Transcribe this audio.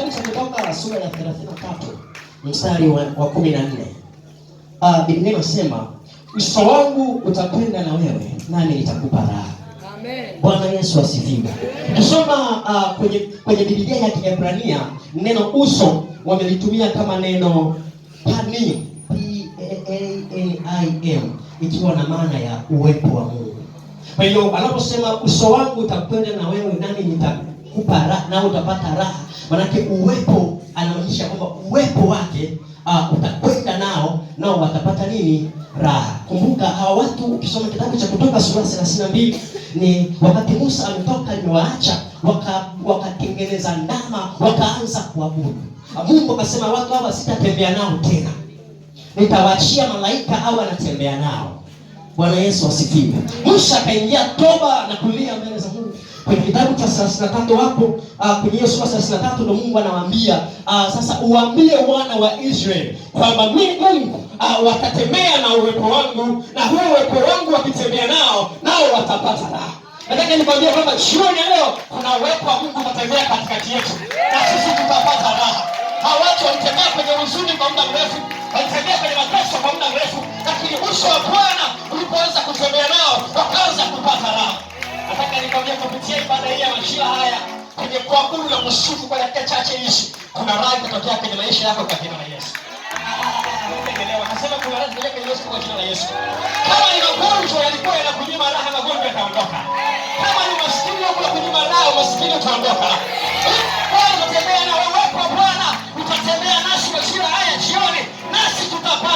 kitabu cha Kutoka sura ya 33 mstari wa, wa 14. Uh, ah, Biblia inasema uso wangu utakwenda na wewe nani nitakupa raha. Amen. Bwana Yesu asifiwe. Tusoma uh, ah, kwenye kwenye Biblia ya Kiebrania neno uso wamelitumia kama neno pani P A A I M ikiwa na maana ya uwepo wa Mungu. Kwa hiyo anaposema uso wangu utakwenda na wewe nani nitakupa kukupa raha na utapata raha, manake uwepo, anaonyesha kwamba uwepo wake uh, utakwenda nao nao watapata nini? Raha. Kumbuka hawa watu, ukisoma kitabu cha Kutoka sura 32 ni wakati Musa ametoka, amewaacha wakatengeneza waka ndama, wakaanza kuabudu ah, Mungu. Akasema watu hawa sitatembea nao tena, nitawaachia malaika au anatembea nao. Bwana Yesu asifiwe. Musa akaingia toba na kulia mbele za Mungu. Kwenye kitabu cha 33 hapo ah, kwenye hiyo sura 33 ndio Mungu anawaambia ah, sasa, uambie wana wa Israeli kwamba mimi Mungu ah, watatembea na uwepo wangu, na huo uwepo wangu wakitembea nao nao watapata raha. Nataka nikwambie kwamba jioni ya leo kuna uwepo wa Mungu utatembea katikati yetu na sisi tutapata raha. Hawa watu walitembea kwenye huzuni kwa muda mrefu, walitembea kwenye mateso kwa muda mrefu kuabudu na kusifu kwa dakika chache hizi, kuna raha itatokea kwenye maisha yako kwa jina la Yesu. Nasema kuna raha kwenye maisha kwa jina la Yesu. Kama ni magonjwa yalikuwa yanakunyima raha, magonjwa yataondoka. Kama ni maskini yalikuwa kunyima raha, maskini yataondoka. Bwana, utatembea na wewe kwa Bwana, utatembea nasi majira haya jioni, nasi tutapata